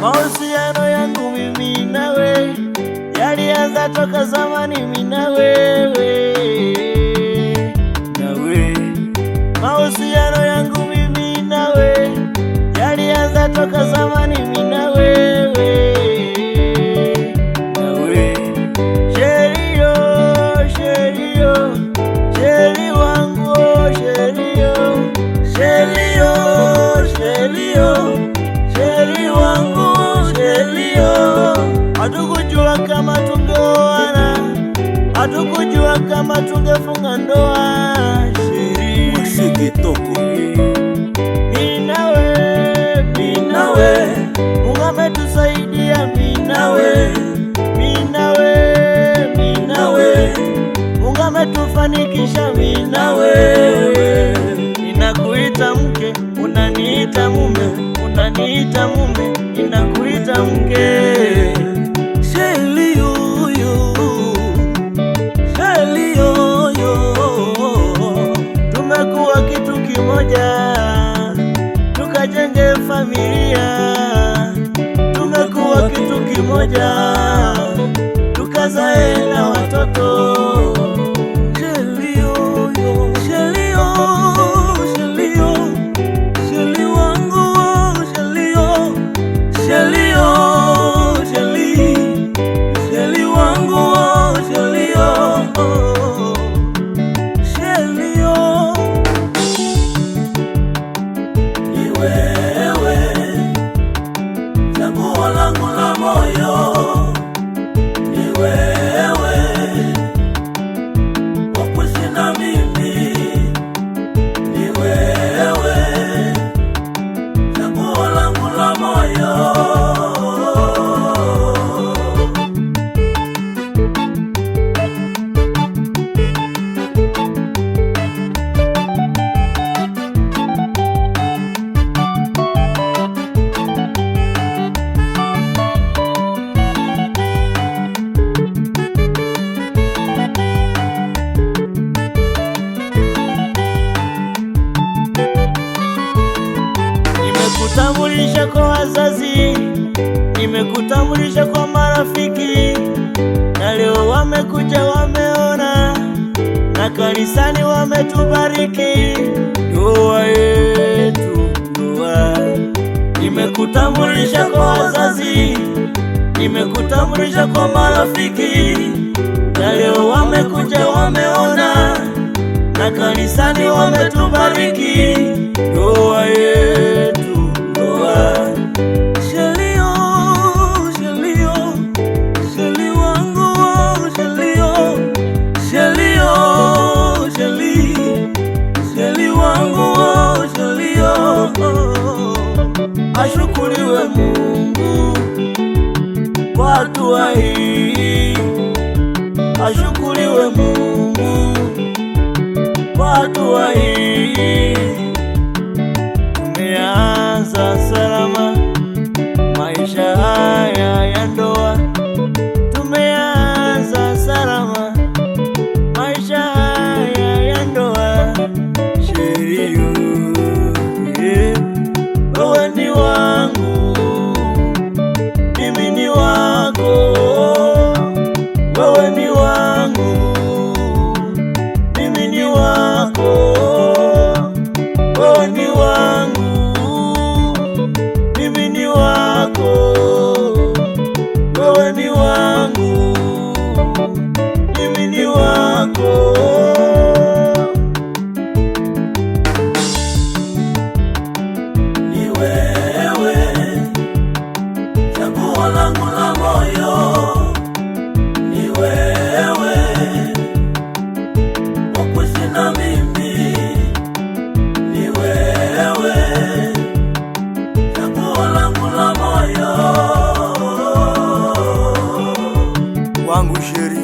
Mahusiano yangu mimi na nawe yalianza toka zamani, mimi na wewe nawe. Mahusiano yangu mimi na nawe yalianza toka zamani, mimi na hatukujua kama tungefunga ndoa. Mwaseke toko kufikiria, tumekuwa kitu kimoja, tukazae na watoto nimekutambulisha kwa wazazi, nimekutambulisha kwa marafiki, na leo wamekuja wameona, na kanisani wametubariki. Ndoa yetu ndoa, nimekutambulisha kwa wazazi, nimekutambulisha kwa marafiki, na leo wamekuja wameona, na kanisani wametubariki. ashukuriwe Mungu kwa hatua hii, ashukuriwe Mungu. angusheria